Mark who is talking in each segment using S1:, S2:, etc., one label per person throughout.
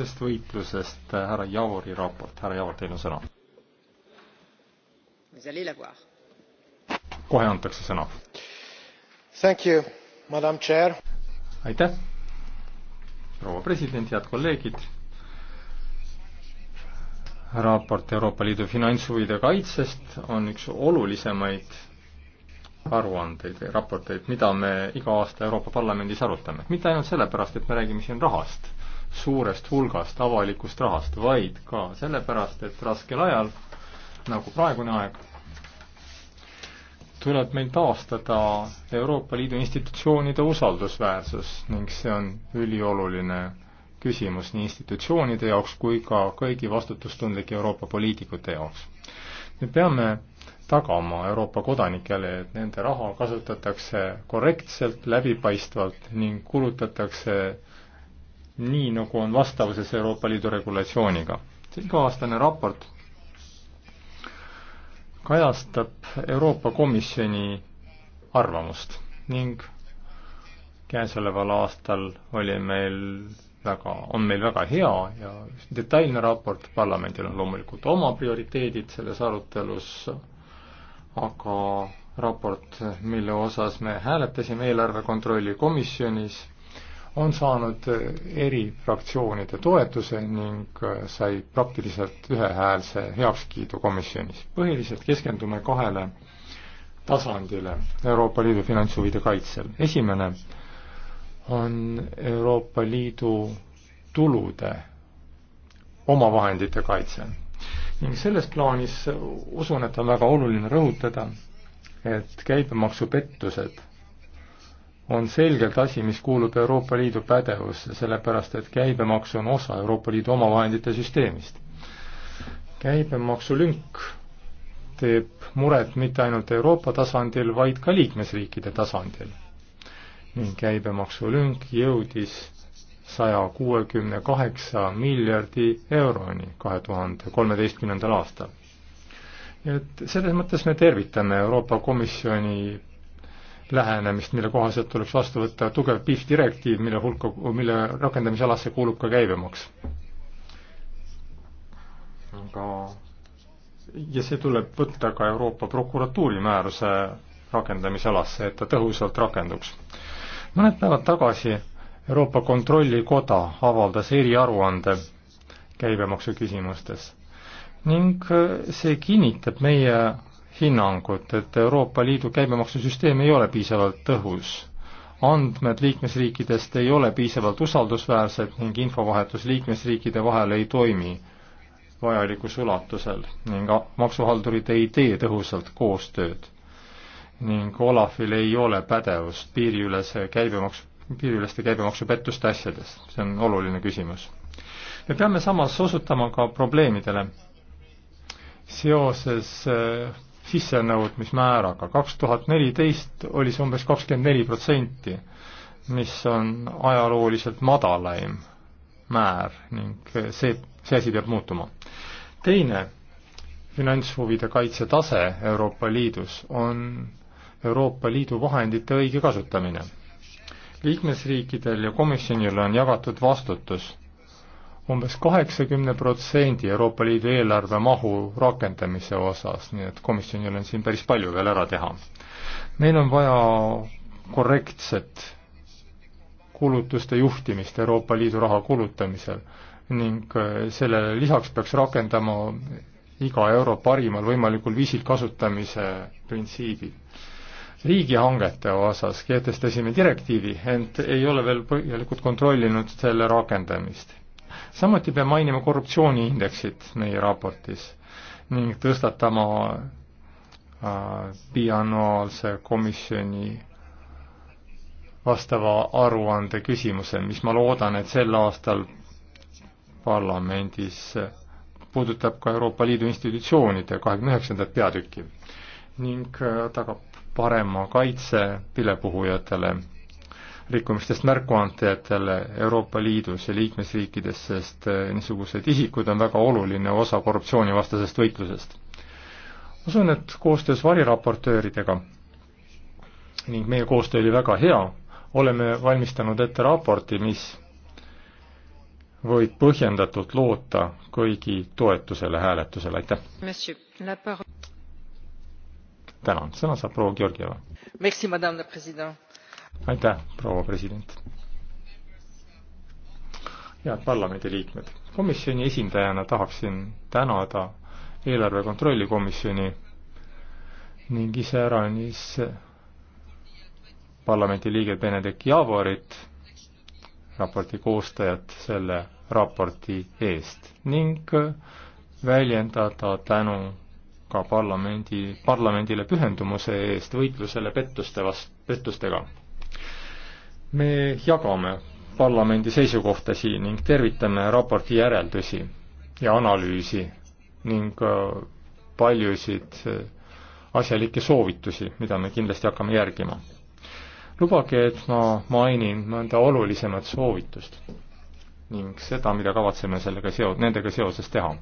S1: vastasest võitlusest härra Javori raport. härra Javor, teil on sõna. kohe antakse sõna. aitäh, proua president, head kolleegid. raport Euroopa Liidu finantshuvide kaitsest on üks olulisemaid aruandeid või raporteid, mida me iga aasta Euroopa Parlamendis arutame. mitte ainult sellepärast, et me räägime siin rahast suurest hulgast avalikust rahast, vaid ka sellepärast, et raskel ajal, nagu praegune aeg, tuleb meil taastada Euroopa Liidu institutsioonide usaldusväärsus ning see on ülioluline küsimus nii institutsioonide jaoks kui ka kõigi vastutustundlike Euroopa poliitikute jaoks. me peame tagama Euroopa kodanikele, et nende raha kasutatakse korrektselt, läbipaistvalt ning kulutatakse nii, nagu on vastavuses Euroopa Liidu regulatsiooniga. see iga-aastane raport kajastab Euroopa Komisjoni arvamust ning käesoleval aastal oli meil väga, on meil väga hea ja detailne raport, parlamendil on loomulikult oma prioriteedid selles arutelus, aga raport, mille osas me hääletasime eelarve kontrolli komisjonis on saanud eh, eri fraktsioonide toetuse ning eh, sai praktiliselt ühehäälse heakskiidu komisjonis. põhiliselt keskendume kahele tasandile Euroopa Liidu finantshuvide kaitsel. esimene on Euroopa Liidu tulude omavahendite kaitse ning selles plaanis usun, et on väga oluline rõhutada, et käibemaksupettused on selgelt asi, mis kuulub Euroopa Liidu pädevusse, sellepärast et käibemaks on osa Euroopa Liidu omavahendite süsteemist. käibemaksulünk teeb muret mitte ainult Euroopa tasandil, vaid ka liikmesriikide tasandil. ning käibemaksulünk jõudis saja kuuekümne kaheksa miljardi euroni kahe tuhande kolmeteistkümnendal aastal. et selles mõttes me tervitame Euroopa Komisjoni lähenemist, mille kohaselt tuleks vastu võtta tugev PIF direktiiv, mille hulka, mille rakendamisalasse kuulub ka käibemaks. aga ja see tuleb võtta ka Euroopa prokuratuuri määruse rakendamisalasse, et ta tõhusalt rakenduks. mõned päevad tagasi Euroopa Kontrollikoda avaldas eriaruande käibemaksu küsimustes ning see kinnitab meie hinnangut, et Euroopa Liidu käibemaksusüsteem ei ole piisavalt tõhus. andmed liikmesriikidest ei ole piisavalt usaldusväärsed ning infovahetus liikmesriikide vahel ei toimi vajalikus ulatuses ning maksuhaldurid ei tee tõhusalt koostööd. ning Olafil ei ole pädevust piiriülese käibemaksu, piiriüleste käibemaksupettuste asjades, see on oluline küsimus. me peame samas osutama ka probleemidele seoses äh, sissenõudmismääraga. kaks tuhat neliteist oli see umbes kakskümmend neli protsenti, mis on ajalooliselt madalaim määr ning see, see asi peab muutuma. teine finantshuvide kaitse tase Euroopa Liidus on Euroopa Liidu vahendite õige kasutamine. liikmesriikidel ja komisjonil on jagatud vastutus umbes kaheksakümne protsendi Euroopa Liidu eelarve mahu rakendamise osas, nii et komisjonil on siin päris palju veel ära teha. meil on vaja korrektset kulutuste juhtimist Euroopa Liidu raha kulutamisel ning äh, sellele lisaks peaks rakendama iga euro parimal võimalikul viisil kasutamise printsiibi. riigihangete osas kehtestasime direktiivi, ent ei ole veel põhjalikult kontrollinud selle rakendamist samuti pean mainima korruptsiooniindeksit meie raportis ning tõstatama äh, biannuaalse komisjoni vastava aruande küsimuse, mis ma loodan, et sel aastal parlamendis puudutab ka Euroopa Liidu institutsioonide kahekümne üheksandat peatükki ning äh, tagab parema kaitse vilepuhujatele rikkumistest märkuantajatele Euroopa Liidus ja liikmesriikides, sest äh, niisugused isikud on väga oluline osa korruptsioonivastasest võitlusest. usun, et koostöös variraportööridega ning meie koostöö oli väga hea, oleme valmistanud ette raporti, mis võib põhjendatult loota kõigi toetusele hääletusel, aitäh! tänan, sõna saab proua Georgieva aitäh, proua president. head parlamendiliikmed, komisjoni esindajana tahaksin tänada eelarve kontrolli komisjoni ning iseäranis parlamendiliige Benedek Javorit, raporti koostajat, selle raporti eest ning väljendada tänu ka parlamendi, parlamendile pühendumuse eest võitlusele pettuste vast-, pettustega me jagame parlamendi seisukohta siin ning tervitame raporti järeldusi ja analüüsi ning äh, paljusid äh, asjalikke soovitusi, mida me kindlasti hakkame järgima. lubage, et ma mainin mõnda olulisemat soovitust ning seda, mida kavatseme sellega seo-, nendega seoses teha.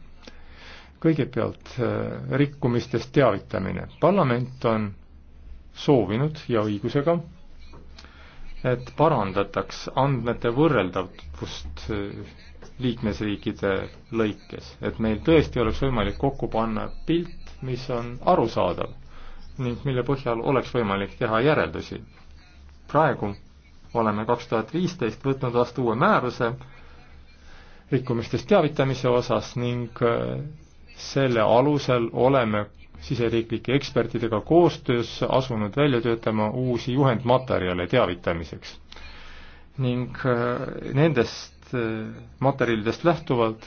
S1: kõigepealt äh, rikkumistest teavitamine. parlament on soovinud ja õigusega et parandataks andmete võrreldavust äh, liikmesriikide lõikes, et meil tõesti oleks võimalik kokku panna pilt, mis on arusaadav ning mille põhjal oleks võimalik teha järeldusi. praegu oleme kaks tuhat viisteist võtnud vastu uue määruse rikkumistest teavitamise osas ning äh, selle alusel oleme siseriiklike ekspertidega koostöös asunud välja töötama uusi juhendmaterjale teavitamiseks. ning äh, nendest äh, materjalidest lähtuvalt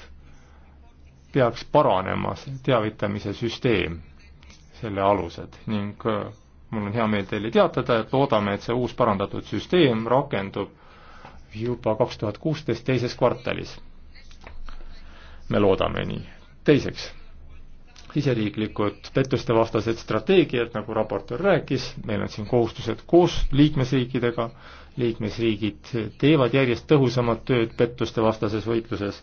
S1: peaks paranema see teavitamise süsteem, selle alused ning äh, mul on hea meel teile teatada, et loodame, et see uus parandatud süsteem rakendub juba kaks tuhat kuusteist teises kvartalis. me loodame nii. teiseks siseriiklikud pettustevastased strateegiad, nagu raportöör rääkis, meil on siin kohustused koos liikmesriikidega, liikmesriigid teevad järjest tõhusamat tööd pettustevastases võitluses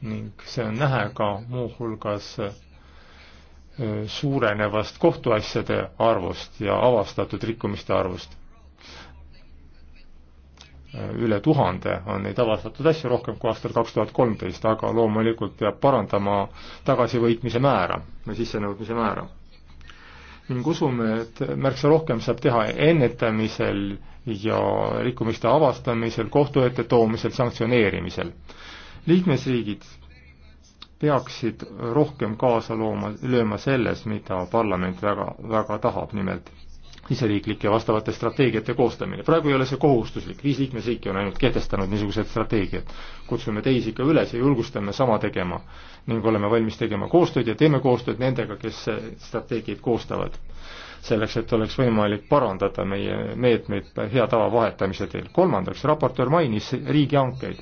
S1: ning see on nähe ka muuhulgas äh, suurenevast kohtuasjade arvust ja avastatud rikkumiste arvust. Äh, üle tuhande on neid avastatud asju, rohkem kui aastal kaks tuhat kolmteist, aga loomulikult peab parandama tagasivõitmise määra või sissenõudmise määra. ning usume, et märksa rohkem saab teha ennetamisel ja rikkumiste avastamisel, kohtu ette toomisel, sanktsioneerimisel. liikmesriigid peaksid rohkem kaasa looma, lööma selles, mida parlament väga, väga tahab, nimelt siseriiklike vastavate strateegiate koostamine. praegu ei ole see kohustuslik, viis liikmesriiki on ainult kehtestanud niisugused strateegiad. kutsume teisi ka üles ja julgustame sama tegema ning oleme valmis tegema koostööd ja teeme koostööd nendega, kes strateegiaid koostavad. selleks, et oleks võimalik parandada meie meetmeid hea tava vahetamise teel. kolmandaks, raportöör mainis riigihankeid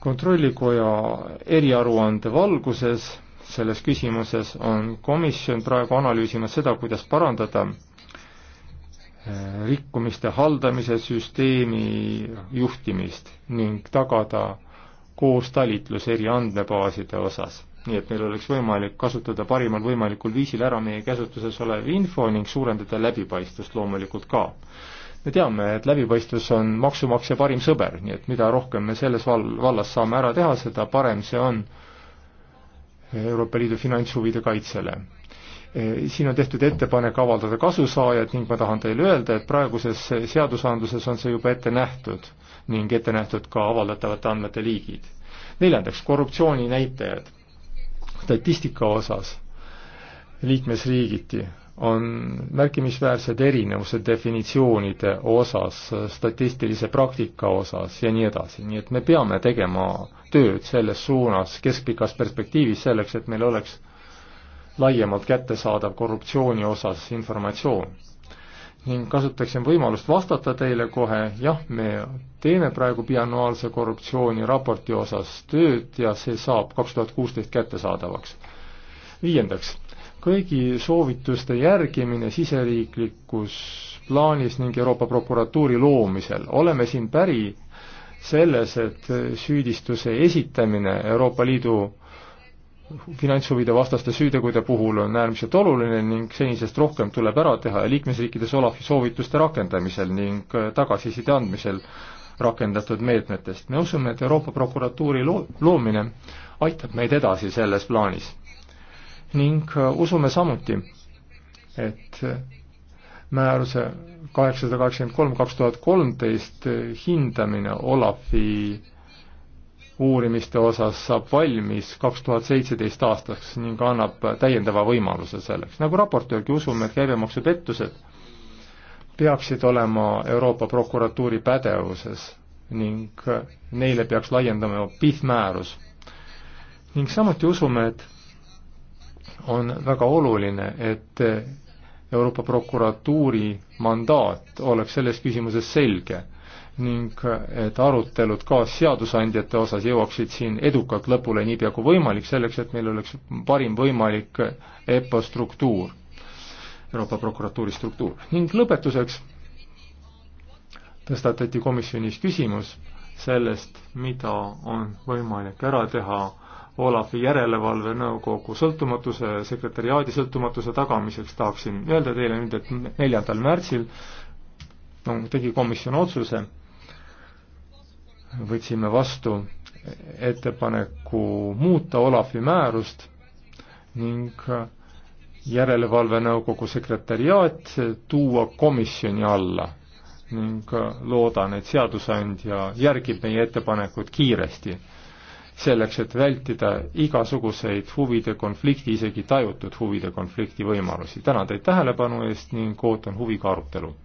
S1: kontrollikoja eriaruande valguses selles küsimuses, on komisjon praegu analüüsimas seda, kuidas parandada eh, rikkumiste haldamise süsteemi juhtimist ning tagada koostalitlus eri andmebaaside osas. nii et meil oleks võimalik kasutada parimal võimalikul viisil ära meie käsutuses olev info ning suurendada läbipaistvust loomulikult ka. me teame, et läbipaistvus on maksumaksja parim sõber, nii et mida rohkem me selles val-, vallas saame ära teha, seda parem see on äh, Euroopa Liidu finantshuvide kaitsele. E, siin on tehtud ettepanek avaldada kasusaajad ning ma tahan teile öelda, et praeguses seadusandluses on see juba ette nähtud ning ette nähtud ka avaldatavate andmete liigid. neljandaks, korruptsiooni näitajad statistika osas liikmesriigiti on märkimisväärsed erinevused definitsioonide osas, statistilise praktika osas ja nii edasi, nii et me peame tegema tööd selles suunas keskpikas perspektiivis selleks, et meil oleks laiemalt kättesaadav korruptsiooni osas informatsioon. ning kasutaksin võimalust vastata teile kohe, jah, me teeme praegu bianuaalse korruptsiooniraporti osas tööd ja see saab kaks tuhat kuusteist kättesaadavaks. viiendaks kõigi soovituste järgimine siseriiklikus plaanis ning Euroopa prokuratuuri loomisel. oleme siin päri selles, et süüdistuse esitamine Euroopa Liidu finantshuvide vastaste süütegude puhul on äärmiselt oluline ning senisest rohkem tuleb ära teha ja liikmesriikides Olavi soovituste rakendamisel ning tagasiside andmisel rakendatud meetmetest. me usume, et Euroopa prokuratuuri loo-, loomine aitab meid edasi selles plaanis ning äh, usume samuti, et määruse kaheksasada kaheksakümmend kolm kaks tuhat kolmteist hindamine Olafi uurimiste osas saab valmis kaks tuhat seitseteist aastaks ning annab täiendava võimaluse selleks. nagu raportöörgi usume, et käibemaksupettused peaksid olema Euroopa prokuratuuri pädevuses ning neile peaks laiendama PIF määrus. ning samuti usume, et on väga oluline, et Euroopa prokuratuuri mandaat oleks selles küsimuses selge ning et arutelud ka seadusandjate osas jõuaksid siin edukalt lõpule niipea kui võimalik, selleks et meil oleks parim võimalik EPPO struktuur, Euroopa prokuratuuri struktuur. ning lõpetuseks tõstatati komisjonis küsimus sellest, mida on võimalik ära teha Olavi Järelevalvenõukogu sõltumatuse, sekretäriaadi sõltumatuse tagamiseks tahaksin öelda teile nüüd, et neljandal märtsil no, tegi komisjon otsuse, võtsime vastu ettepaneku muuta Olavi määrust ning järelevalvenõukogu sekretäriaat tuua komisjoni alla ning loodan, et seadusandja järgib meie ettepanekut kiiresti selleks, et vältida igasuguseid huvide konflikti, isegi tajutud huvide konflikti võimalusi. tänan teid tähelepanu eest ning ootan huviga arutelu.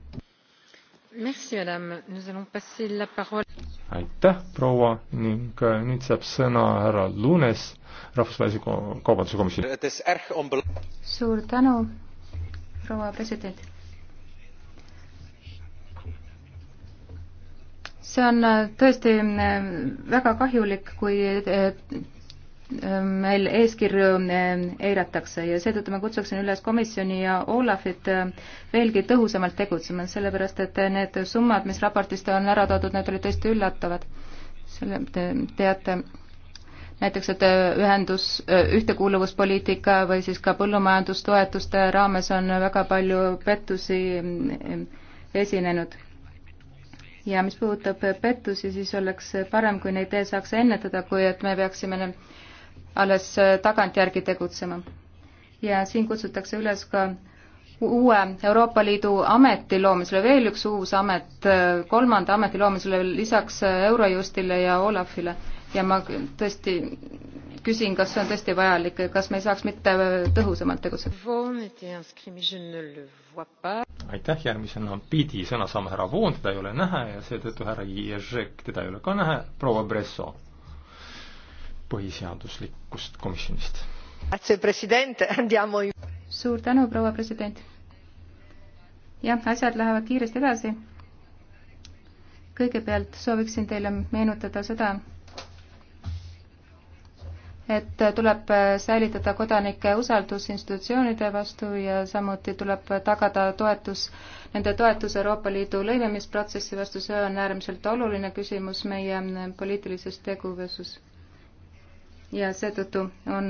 S1: aitäh, proua ning äh, nüüd saab sõna härra Lunes rahvusvahelise kaubanduse komisjoni.
S2: suur tänu, proua president see on äh, tõesti äh, väga kahjulik, kui äh, meil eeskirju eiratakse ja seetõttu ma kutsuksin üles komisjoni ja Olafit veelgi tõhusamalt tegutsema, sellepärast et need summad, mis raportist on ära toodud, need olid tõesti üllatavad. selle te teate näiteks, et ühendus, ühtekuuluvuspoliitika või siis ka põllumajandustoetuste raames on väga palju pettusi esinenud ja mis puudutab pettusi, siis oleks parem, kui neid saaks ennetada, kui et me peaksime alles tagantjärgi tegutsema. ja siin kutsutakse üles ka uue Euroopa Liidu ameti loomisele, veel üks uus amet, kolmanda ameti loomisele lisaks Eurojustile ja Olafile ja ma tõesti küsin, kas see on tõesti vajalik, kas me ei saaks mitte tõhusamalt
S3: tegutseda?
S1: aitäh, järgmisena pidi sõna saama härra Voon, teda ei ole näha ja seetõttu härra Ježek, teda ei ole ka näha, proua Bresso põhiseaduslikust komisjonist.
S2: suur tänu, proua president. jah, asjad lähevad kiiresti edasi. kõigepealt sooviksin teile meenutada seda, et tuleb säilitada kodanike usaldus institutsioonide vastu ja samuti tuleb tagada toetus, nende toetus Euroopa Liidu lõimimisprotsessi vastu, see on äärmiselt oluline küsimus meie poliitilises teguvesus. ja seetõttu on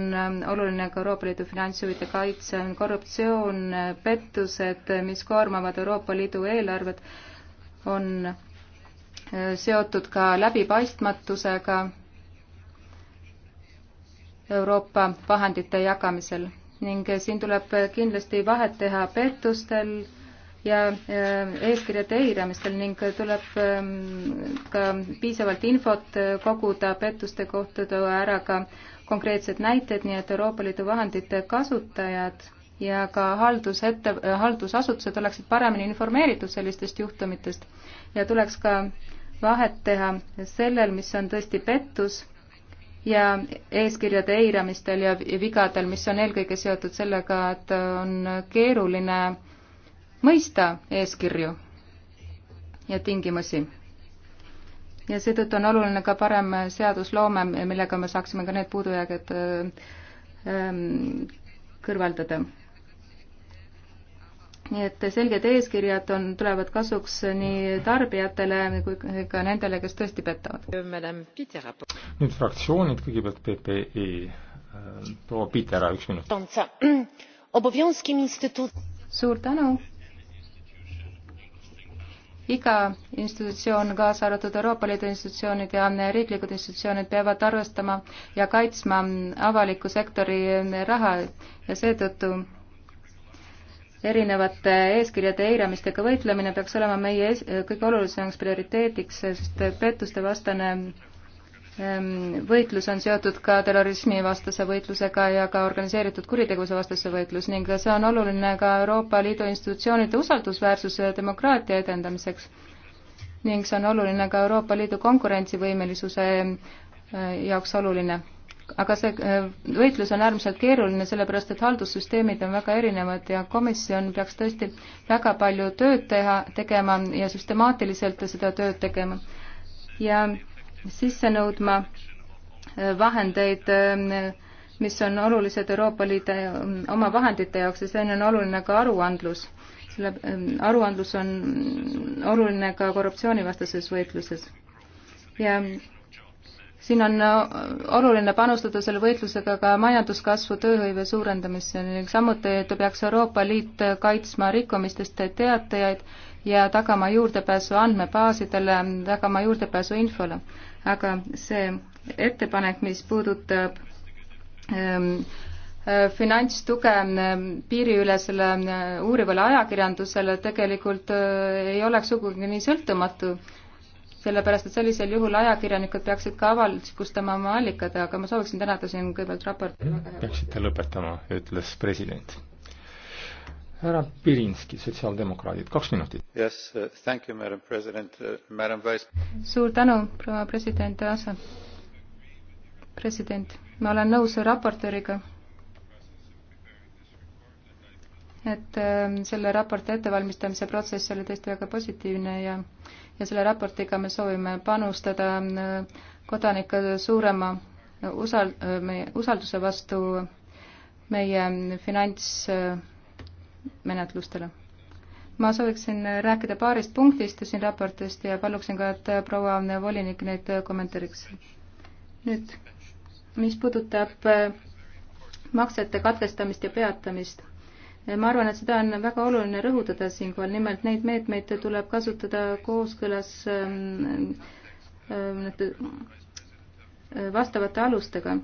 S2: oluline ka Euroopa Liidu finantshuvide kaitse, korruptsioon, pettused, mis koormavad Euroopa Liidu eelarvet, on seotud ka läbipaistmatusega Euroopa vahendite jagamisel ning eh, siin tuleb kindlasti vahet teha pettustel ja eh, eeskirjade eiramistel ning tuleb ehm, ka piisavalt infot eh, koguda pettuste kohta, tuua ära ka konkreetsed näited, nii et Euroopa Liidu vahendite kasutajad ja ka haldusette, haldusasutused oleksid paremini informeeritud sellistest juhtumitest ja tuleks ka vahet teha sellel, mis on tõesti pettus ja eeskirjade eiramistel ja vigadel, mis on eelkõige seotud sellega, et on keeruline mõista eeskirju ja tingimusi. ja seetõttu on oluline ka parem seadusloome, millega me saaksime ka need puudujäägid ähm, kõrvaldada nii et selged eeskirjad on, tulevad kasuks nii tarbijatele kui ka nendele, kes tõesti petavad. nüüd
S1: fraktsioonid, kõigepealt PPE. proua Pitera, üks
S3: minut. suur tänu.
S2: iga institutsioon, kaasa arvatud Euroopa Liidu institutsioonid ja riiklikud institutsioonid, peavad arvestama ja kaitsma avaliku sektori raha ja seetõttu erinevate eeskirjade eiramistega võitlemine peaks olema meie ees, kõige olulisemaks prioriteediks, sest pettuste vastane ehm, võitlus on seotud ka terrorismivastase võitlusega ja ka organiseeritud kuritegevuse vastase võitlus ning see on oluline ka Euroopa Liidu institutsioonide usaldusväärsuse demokraatia edendamiseks. ning see on oluline ka Euroopa Liidu konkurentsivõimelisuse ehm, jaoks oluline aga see äh, võitlus on äärmiselt keeruline, sellepärast et haldussüsteemid on väga erinevad ja komisjon peaks tõesti väga palju tööd teha, tegema ja süstemaatiliselt seda tööd tegema ja sisse nõudma äh, vahendeid, äh, mis on olulised Euroopa Liidu oma vahendite jaoks ja selline on oluline ka aruandlus. selle aruandlus on mm, oluline ka korruptsioonivastases võitluses ja siin on äh, oluline panustada selle võitlusega ka majanduskasvu tööhõive suurendamisse ning samuti peaks Euroopa Liit kaitsma rikkumistest teatajaid ja tagama juurdepääsu andmebaasidele, tagama juurdepääsu infole. aga see ettepanek, mis puudutab ähm, äh, finantstuge ähm, piiriülesele äh, uurivale ajakirjandusele tegelikult ei oleks sugugi nii sõltumatu äh, sellepärast et sellisel juhul ajakirjanikud peaksid ka avalikustama oma allikad, aga ma sooviksin tänada siin kõigepealt raporti. Hmm?
S1: peaksite lõpetama, ütles president. härra Pirinski, sotsiaaldemokraadid, kaks minutit. Yes, uh, thank you, madam president, uh, madam vice.
S2: suur tänu, proua president ja ase-, president. ma olen nõus raportööriga et ähm, selle raporti ettevalmistamise protsess oli tõesti väga positiivne ja, ja selle raportiga me soovime panustada äh, kodanike suurema äh, usal-, äh, meie usalduse vastu meie finantsmenetlustele. ma sooviksin rääkida paarist punktist siin raportist ja paluksin ka, et proua volinik neid kommenteeriks. nüüd, mis puudutab maksete katkestamist ja peatamist ma arvan, et seda on väga oluline rõhutada siinkohal, nimelt neid meetmeid tuleb kasutada kooskõlas ähm, ähm, äh, vastavate alustega.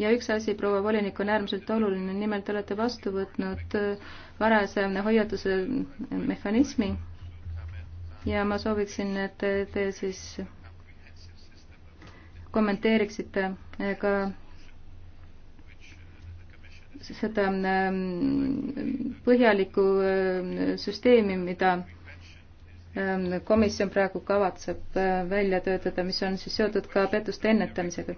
S2: ja üks asi, proua volinik, on äärmiselt oluline, nimelt te olete vastu võtnud äh, varase hoiatuse mehhanismi ja ma sooviksin, et te siis kommenteeriksite äh, ka seda ähm, põhjalikku ähm, süsteemi, mida ähm, komisjon praegu kavatseb äh, välja töötada, mis on siis seotud ka pettuste ennetamisega.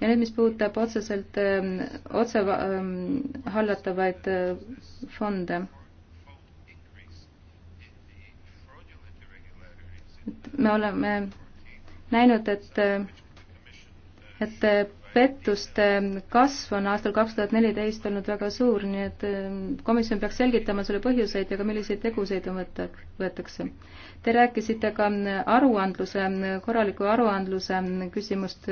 S2: ja nüüd, mis puudutab otseselt, otse hallatavaid äh, fonde. et me oleme näinud, et, äh, et pettuste kasv on aastal kaks tuhat neliteist olnud väga suur, nii et ähm, komisjon peaks selgitama selle põhjuseid ja ka milliseid teguseid võtta, võetakse. Te rääkisite ka äh, aruandluse, korraliku aruandluse küsimust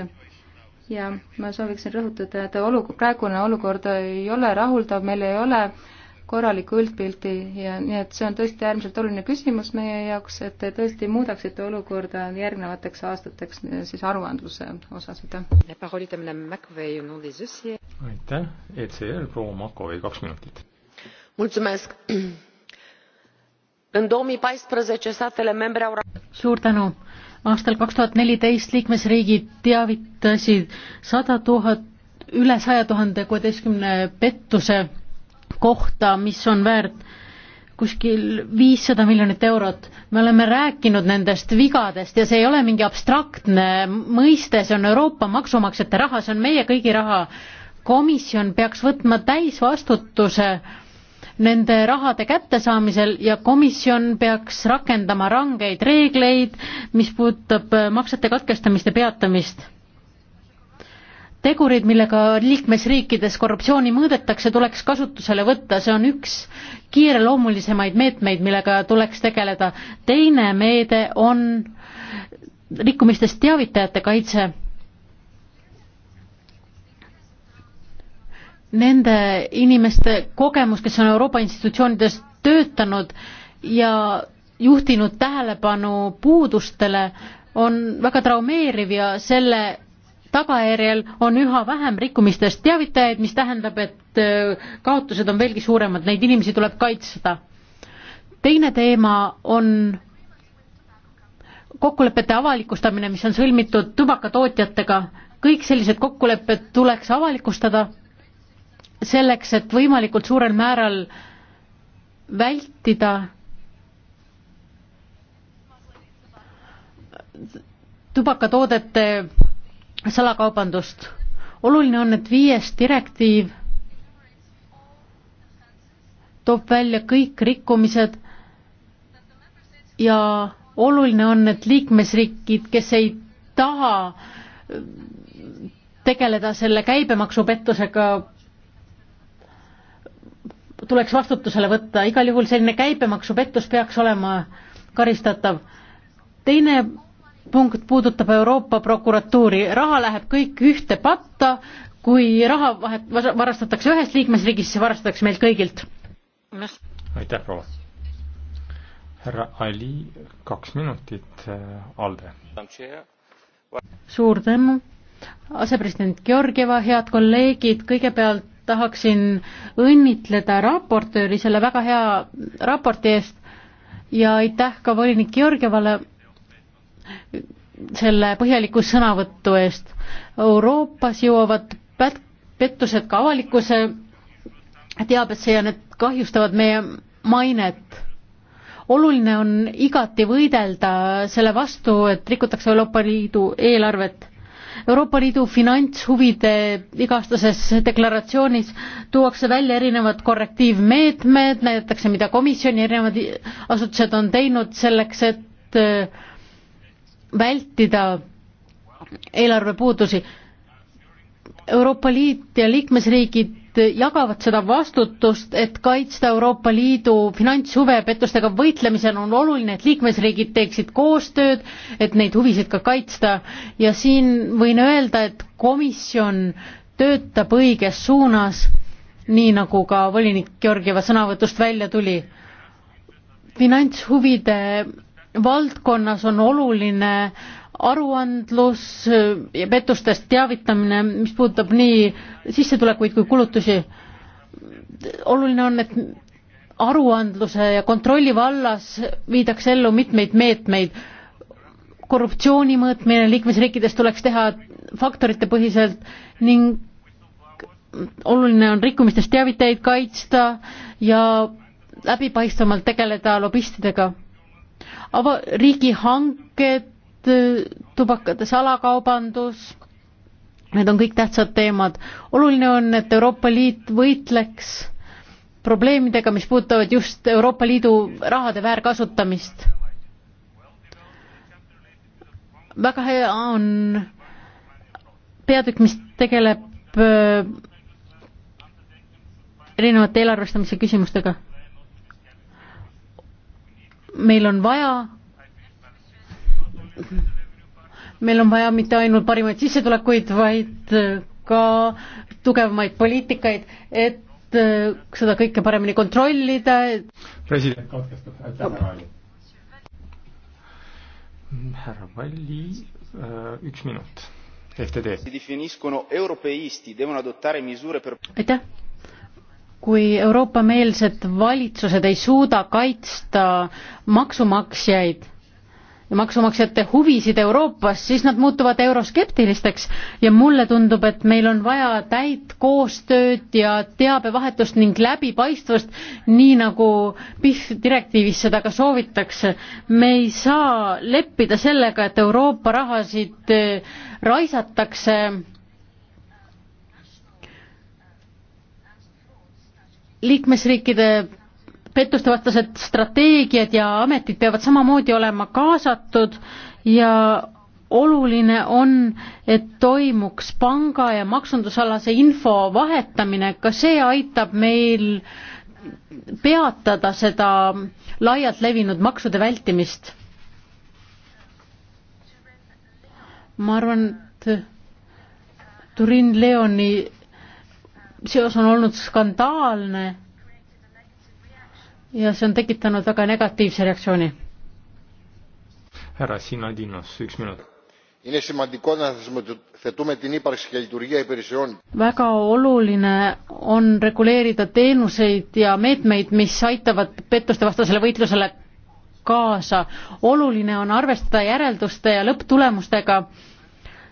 S2: ja ma sooviksin rõhutada, et olukord, praegune olukord ei ole rahuldav, meil ei ole äh, korraliku üldpildi ja nii et see on tõesti äärmiselt oluline küsimus meie jaoks, et te tõesti muudaksite olukorda järgnevateks aastateks siis aruandluse osas, aitäh. E
S1: aitäh, ECR proua Makovei, kaks minutit
S3: în două mii paisprezece statele membre au aastal kaks tuhat neliteist liikmesriigid teavitasid sada tuhat üle saja tuhande kuueteistkümne pettuse kohta, mis on väärt kuskil viissada miljonit eurot. me oleme rääkinud nendest vigadest ja see ei ole mingi abstraktne mõiste, see on Euroopa maksumaksjate raha, see on meie kõigi raha. komisjon peaks võtma täisvastutuse nende rahade kättesaamisel ja komisjon peaks rakendama rangeid reegleid, mis puudutab maksete katkestamist ja peatamist tegurid, millega liikmesriikides korruptsiooni mõõdetakse, tuleks kasutusele võtta, see on üks kiireloomulisemaid meetmeid, millega tuleks tegeleda. teine meede on rikkumistest teavitajate kaitse. Nende inimeste kogemus, kes on Euroopa institutsioonides töötanud ja juhtinud tähelepanu puudustele, on väga traumeeriv ja selle tagajärjel on üha vähem rikkumistest teavitajaid, mis tähendab, et äh, kaotused on veelgi suuremad, neid inimesi tuleb kaitsta. teine teema on kokkulepete avalikustamine, mis on sõlmitud tubakatootjatega, kõik sellised kokkulepped tuleks avalikustada selleks, et võimalikult suurel määral vältida tubakatoodete salakaubandust. oluline on, et viies direktiiv toob välja kõik rikkumised ja oluline on, et liikmesriigid, kes ei taha tegeleda selle käibemaksupettusega, tuleks vastutusele võtta, igal juhul selline käibemaksupettus peaks olema karistatav. teine punkt puudutab Euroopa prokuratuuri, raha läheb kõik ühte patta, kui raha vahet, varastatakse ühest liikmesriigist, siis varastatakse meilt kõigilt.
S1: aitäh, proua. härra Ali, kaks minutit, äh, Alde.
S3: suur tänu, asepresident Georgieva, head kolleegid, kõigepealt tahaksin õnnitleda raportööri selle väga hea raporti eest ja aitäh ka volinik Georgievale selle põhjaliku sõnavõtu eest. Euroopas jõuavad pät-, pettused ka avalikkuse teabesse ja need kahjustavad meie mainet. oluline on igati võidelda selle vastu, et rikutakse Euroopa Liidu eelarvet. Euroopa Liidu finantshuvide iga-aastases deklaratsioonis tuuakse välja erinevad korrektiivmeetmed, näidatakse, mida komisjoni erinevad asutused on teinud selleks, et vältida eelarve puudusi. Euroopa Liit ja liikmesriigid jagavad seda vastutust, et kaitsta Euroopa Liidu finantshuve pettustega võitlemisel, on oluline, et liikmesriigid teeksid koostööd, et neid huvisid ka kaitsta ja siin võin öelda, et komisjon töötab õiges suunas, nii nagu ka volinik Georgieva sõnavõtust välja tuli finantshuvide valdkonnas on oluline aruandlus ja eh, pettustest teavitamine, mis puudutab nii sissetulekuid kui kulutusi. oluline on, et aruandluse ja kontrolli vallas viidakse ellu mitmeid meetmeid. korruptsiooni mõõtmine liikmesriikides tuleks teha faktorite põhiselt ning oluline on rikkumistest teavitajaid kaitsta ja läbipaistvamalt tegeleda lobistidega ava-, riigihanked, äh, tubakate salakaubandus, need on kõik tähtsad teemad. oluline on, et Euroopa Liit võitleks probleemidega, mis puudutavad just Euroopa Liidu rahade väärkasutamist. väga hea on peatükk, mis tegeleb äh, erinevate eelarvestamise küsimustega meil on vaja meil on vaja mitte ainult parimaid sissetulekuid, vaid äh, ka tugevamaid poliitikaid, et äh, seda kõike paremini kontrollida.
S1: president katkestab, aitäh härra Valli. härra Valli, äh, üks minut,
S2: FTD. aitäh
S3: kui Euroopa-meelsed valitsused ei suuda kaitsta maksumaksjaid ja maksumaksjate huvisid Euroopas, siis nad muutuvad euroskeptilisteks ja mulle tundub, et meil on vaja täit koostööd ja teabevahetust ning läbipaistvust, nii nagu PIF direktiivis seda ka soovitakse. me ei saa leppida sellega, et Euroopa rahasid raisatakse liikmesriikide pettuste vastased strateegiad ja ametid peavad samamoodi olema kaasatud ja oluline on, et toimuks panga ja maksundusalase info vahetamine, ka see aitab meil peatada seda laialt levinud maksude vältimist. ma arvan, et Turin Leoni seos on olnud skandaalne ja see on tekitanud väga negatiivse reaktsiooni.
S1: härra Sinadinos, üks minut.
S3: väga oluline on reguleerida teenuseid ja meetmeid, mis aitavad pettustevastasele võitlusele kaasa. oluline on arvestada järelduste ja lõpptulemustega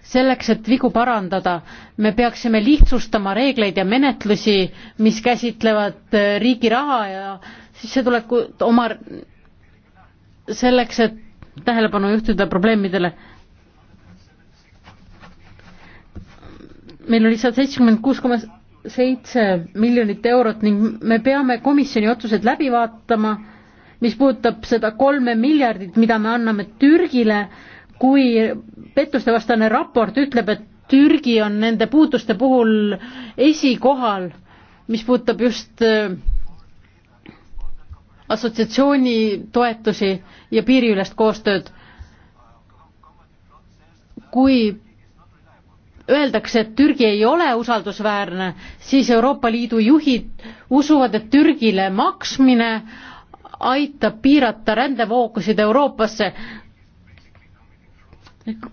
S3: selleks, et vigu parandada, me peaksime lihtsustama reegleid ja menetlusi, mis käsitlevad äh, riigi raha ja sissetulekut oma, selleks, et tähelepanu juhtida probleemidele. meil on lihtsalt seitsekümmend kuus koma seitse miljonit eurot ning me peame komisjoni otsused läbi vaatama, mis puudutab seda kolme miljardit, mida me anname Türgile kui pettustevastane raport ütleb, et Türgi on nende puuduste puhul esikohal, mis puudutab just äh, assotsiatsiooni toetusi ja piiriülest koostööd. kui öeldakse, et Türgi ei ole usaldusväärne, siis Euroopa Liidu juhid usuvad, et Türgile maksmine aitab piirata rändevoogusid Euroopasse,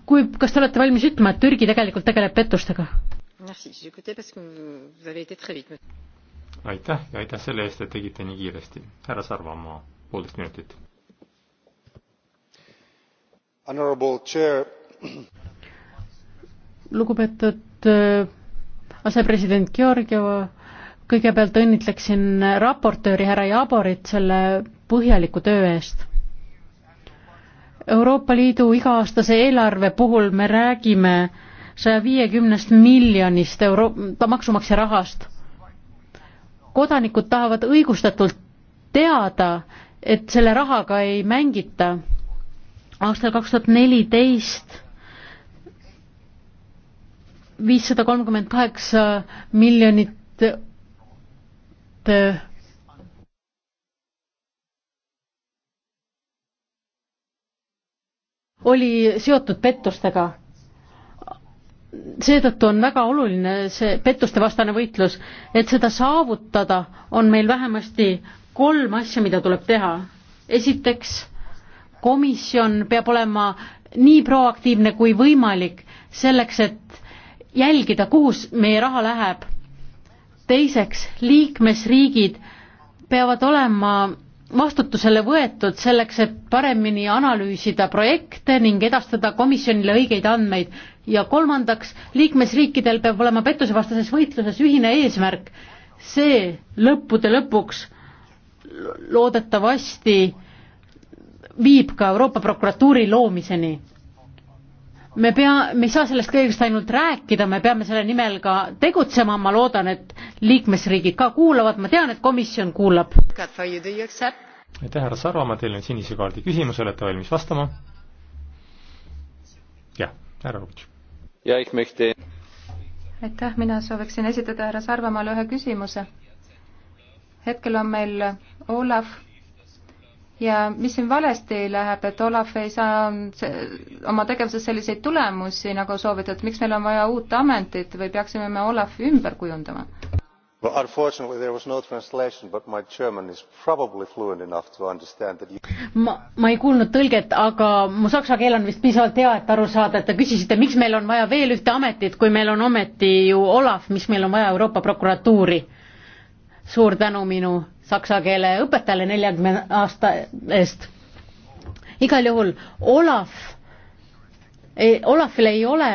S3: kui, kas te olete valmis ütlema, et Türgi tegelikult tegeleb pettustega?
S1: aitäh ja aitäh selle eest, et tegite nii kiiresti. härra Sarvamaa, poolteist minutit.
S3: lugupeetud äh, asepresident Georgieva, kõigepealt õnnitleksin raportööri härra Jaborit selle põhjaliku töö eest Euroopa Liidu iga-aastase eelarve puhul me räägime saja viiekümnest miljonist euro-, maksumaksja rahast. kodanikud tahavad õigustatult teada, et selle rahaga ei mängita. aastal kaks tuhat neliteist viissada kolmkümmend kaheksa miljonit oli seotud pettustega. seetõttu on väga oluline see pettuste vastane võitlus, et seda saavutada, on meil vähemasti kolm asja, mida tuleb teha. esiteks, komisjon peab olema nii proaktiivne kui võimalik selleks, et jälgida, kuhu meie raha läheb. teiseks, liikmesriigid peavad olema vastutusele võetud selleks, et paremini analüüsida projekte ning edastada komisjonile õigeid andmeid ja kolmandaks, liikmesriikidel peab olema pettusevastases võitluses ühine eesmärk. see lõppude lõpuks loodetavasti viib ka Euroopa prokuratuuri loomiseni. me pea, me ei saa sellest kõigest ainult rääkida, me peame selle nimel ka tegutsema, ma loodan, et liikmesriigid ka kuulavad, ma tean, et komisjon kuulab.
S1: aitäh, härra Sarvamaa, teil on sinise kaardi küsimus, olete valmis vastama? jah, härra Rutš.
S2: aitäh, mina sooviksin esitada härra Sarvamaale ühe küsimuse. hetkel on meil Olav ja mis siin valesti läheb, et Olav ei saa oma tegevuses selliseid tulemusi nagu soovitud, miks meil on vaja uut ametit või peaksime me Olavi ümber kujundama?
S1: unfortunately there was no translation but my german is probably fluent enough to understand that you
S3: ma, ma ei kuulnud tõlget, aga mu saksa keel on vist piisavalt hea, et aru saada, et te küsisite, miks meil on vaja veel ühte ametit, kui meil on ometi ju Olav, miks meil on vaja Euroopa prokuratuuri. suur tänu minu saksa keele õpetajale neljakümne aasta eest. igal juhul Olav, Olafil ei ole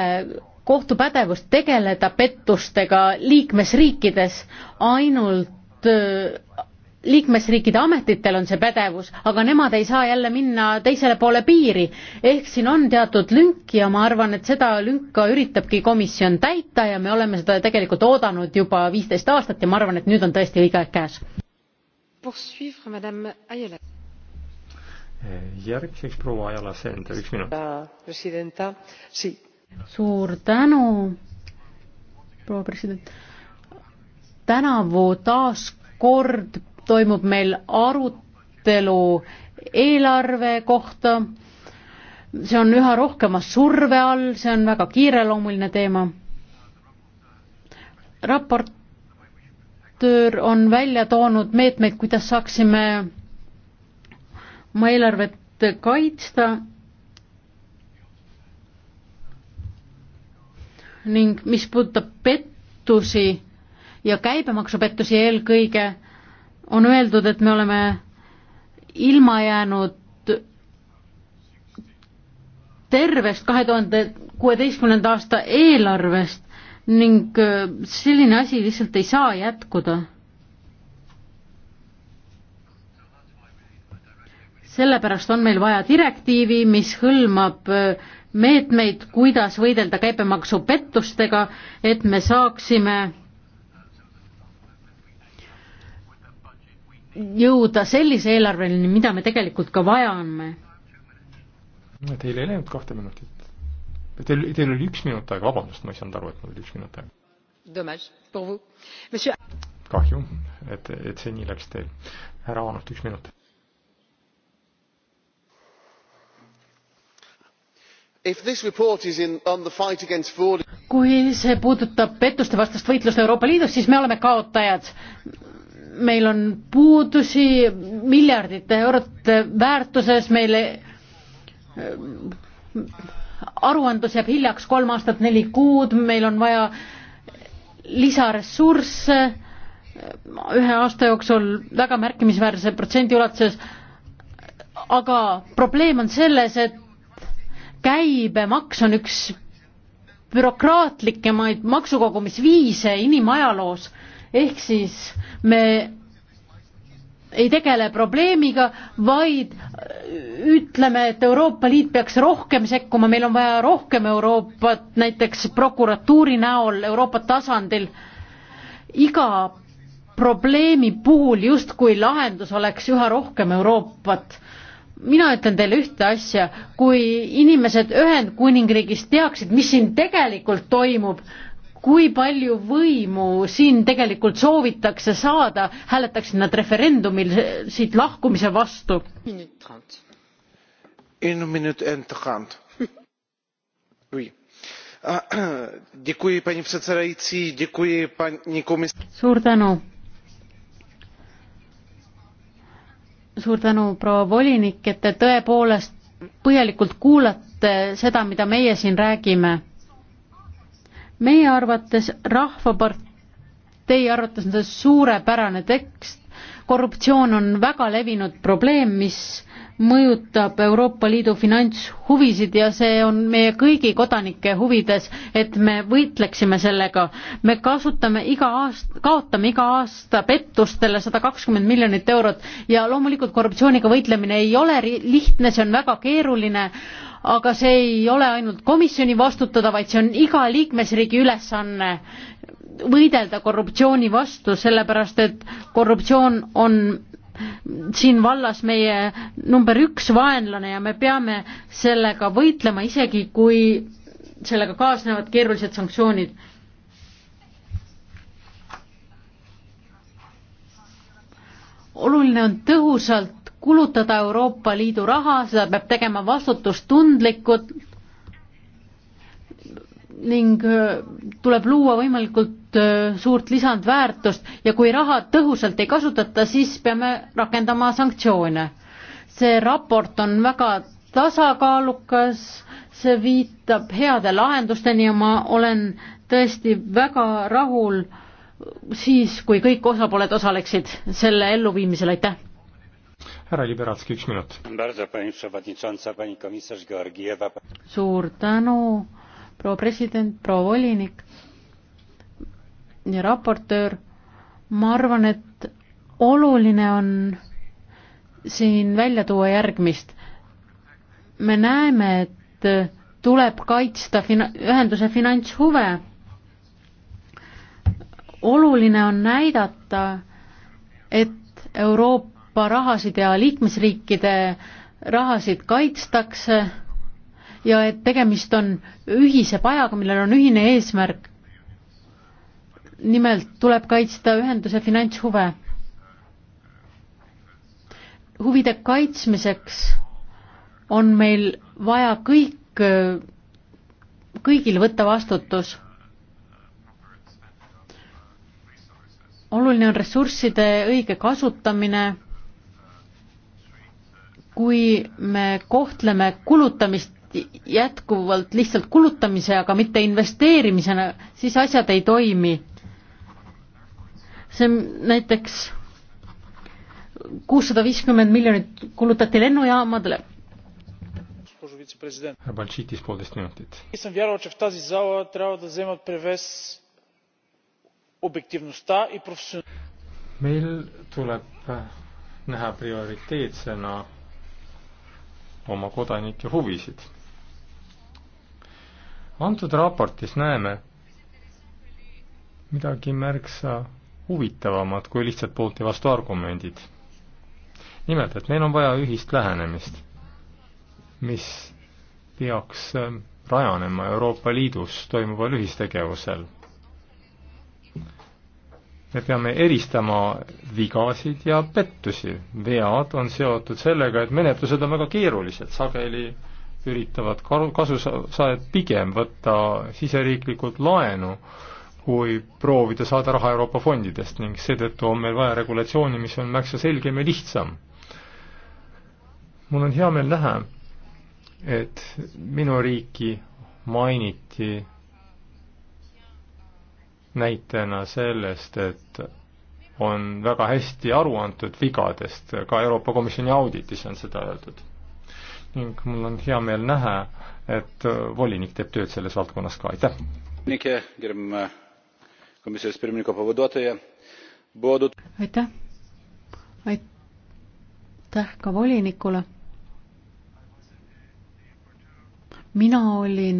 S3: kohtupädevust tegeleda pettustega liikmesriikides, ainult äh, liikmesriikide ametitel on see pädevus, aga nemad ei saa jälle minna teisele poole piiri. ehk siin on teatud lünk ja ma arvan, et seda lünka üritabki komisjon täita ja me oleme seda tegelikult oodanud juba viisteist aastat ja ma arvan, et nüüd on tõesti õige aeg käes.
S1: järgmiseks proua Ajala Sender, üks
S3: minut suur tänu, proua president. tänavu taas kord toimub meil arutelu eelarve kohta. see on üha rohkema surve all, see on väga kiireloomuline teema. raportöör on välja toonud meetmeid, kuidas saaksime oma eelarvet kaitsta ning mis puudutab pettusi ja käibemaksupettusi eelkõige, on öeldud, et me oleme ilma jäänud tervest kahe tuhande kuueteistkümnenda aasta eelarvest ning äh, selline asi lihtsalt ei saa jätkuda sellepärast on meil vaja direktiivi, mis hõlmab äh, meetmeid, kuidas võidelda käibemaksupettustega, et me saaksime jõuda sellise eelarveni, mida me tegelikult ka vajame.
S1: Teil ei läinud kahte minutit. Teil, teil oli üks minut aega, vabandust, ma ei saanud aru, et mul oli üks minut aega. kahju, et, et see nii läks teil. härra Aanult üks minut
S3: kui see puudutab pettuste vastast võitlust Euroopa Liidus, siis me oleme kaotajad. meil on puudusi miljardite eurot väärtuses, meile äh, aruandlus jääb hiljaks kolm aastat, neli kuud, meil on vaja lisaressursse ühe aasta jooksul väga märkimisväärse protsendi ulatuses, aga probleem on selles, et käibemaks on üks bürokraatlikemaid maksukogumisviise inimajaloos, ehk siis me ei tegele probleemiga, vaid ütleme, et Euroopa Liit peaks rohkem sekkuma, meil on vaja rohkem Euroopat, näiteks prokuratuuri näol Euroopa tasandil. iga probleemi puhul justkui lahendus oleks üha rohkem Euroopat mina ütlen teile ühte asja, kui inimesed Ühendkuningriigis teaksid, mis siin tegelikult toimub, kui palju võimu siin tegelikult soovitakse saada, hääletaksid nad referendumil siit lahkumise vastu. Ah, ah, suur tänu suur tänu, proua volinik, et te tõepoolest põhjalikult kuulate seda, mida meie siin räägime. meie arvates, Rahvapartei arvates on see suurepärane tekst, korruptsioon on väga levinud probleem, mis mõjutab Euroopa Liidu finantshuvisid ja see on meie kõigi kodanike huvides, et me võitleksime sellega. me kasutame iga aasta, kaotame iga aasta pettustele sada kakskümmend miljonit eurot ja loomulikult korruptsiooniga võitlemine ei ole lihtne, see on väga keeruline, aga see ei ole ainult komisjoni vastutada, vaid see on iga liikmesriigi ülesanne võidelda korruptsiooni vastu, sellepärast et korruptsioon on siin vallas meie number üks vaenlane ja me peame sellega võitlema, isegi kui sellega kaasnevad keerulised sanktsioonid. oluline on tõhusalt kulutada Euroopa Liidu raha, seda peab tegema vastutustundlikult ning äh, tuleb luua võimalikult Äh, suurt lisandväärtust ja kui raha tõhusalt ei kasutata, siis peame rakendama sanktsioone. see raport on väga tasakaalukas, see viitab heade lahendusteni ja ma olen tõesti väga rahul siis, kui kõik osapooled osaleksid selle elluviimisel, aitäh!
S1: härra Liberatski, üks minut.
S3: suur tänu, proua president, proua volinik ja raportöör, ma arvan, et oluline on siin välja tuua järgmist. me näeme, et tuleb kaitsta fina-, ühenduse finantshuve. oluline on näidata, et Euroopa rahasid ja liikmesriikide rahasid kaitstakse ja et tegemist on ühise pajaga, millel on ühine eesmärk nimelt tuleb kaitsta ühenduse finantshuve. huvide kaitsmiseks on meil vaja kõik, kõigil võtta vastutus. oluline on ressursside õige kasutamine, kui me kohtleme kulutamist jätkuvalt lihtsalt kulutamise, aga mitte investeerimisena, siis asjad ei toimi see näiteks kuussada viiskümmend miljonit kulutati lennujaamadele.
S1: härra Baltšiitis, poolteist minutit. meil tuleb näha prioriteetsena oma kodanike huvisid. antud raportis näeme midagi märksa huvitavamad kui lihtsalt poolt ja vastu argumendid. nimelt, et meil on vaja ühist lähenemist, mis peaks ähm, rajanema Euroopa Liidus toimuval ühistegevusel. me peame eristama vigasid ja pettusi. vead on seotud sellega, et menetlused on väga keerulised, sageli üritavad kasu, kasu saajad pigem võtta siseriiklikult laenu äh, kui proovida saada raha Euroopa fondidest ning seetõttu on meil vaja regulatsiooni, mis on märksa selgem ja lihtsam. mul on hea meel näha, et minu riiki mainiti näitena sellest, et on väga hästi aru antud vigadest, ka Euroopa Komisjoni auditis on seda öeldud. ning mul on hea meel näha, et volinik teeb tööd selles valdkonnas ka, aitäh! komisijos pirmininko pavaduotoja buvo du
S3: aitäh aitäh ka volinikule mina olin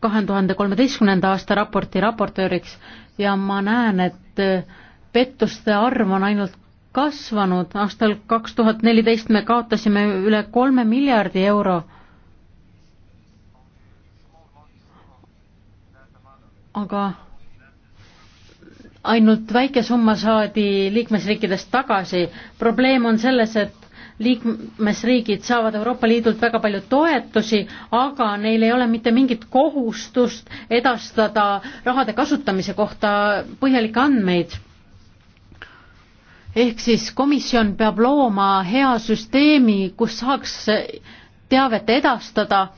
S3: kahe tuhande kolmeteistkümnenda aasta raporti raportööriks ja ma näen, et pettuste arv on ainult kasvanud, aastal kaks tuhat neliteist me kaotasime üle kolme miljardi euro. aga ainult väike summa saadi liikmesriikidest tagasi. probleem on selles, et liikmesriigid saavad Euroopa Liidult väga palju toetusi, aga neil ei ole mitte mingit kohustust edastada rahade kasutamise kohta põhjalikke andmeid. ehk siis komisjon peab looma hea süsteemi, kus saaks teavet edastada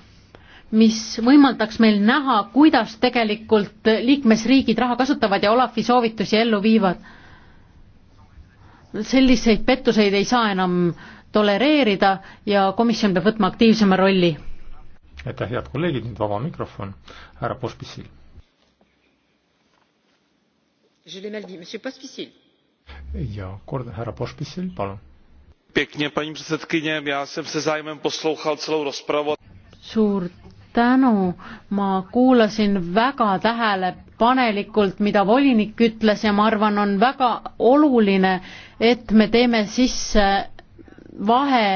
S3: mis võimaldaks meil näha, kuidas tegelikult liikmesriigid raha kasutavad ja Olafi soovitusi ellu viivad. selliseid pettuseid ei saa enam tolereerida ja komisjon peab võtma aktiivsema rolli.
S1: aitäh, head kolleegid, nüüd vaba mikrofon, härra Pospisil. ja kord härra Pospisil, palun. Pěkně, paní předsedkyně, já jsem se zájmem poslouchal celou rozpravu.
S3: Suur tänu, ma kuulasin väga tähelepanelikult, mida volinik ütles ja ma arvan, on väga oluline, et me teeme sisse vahe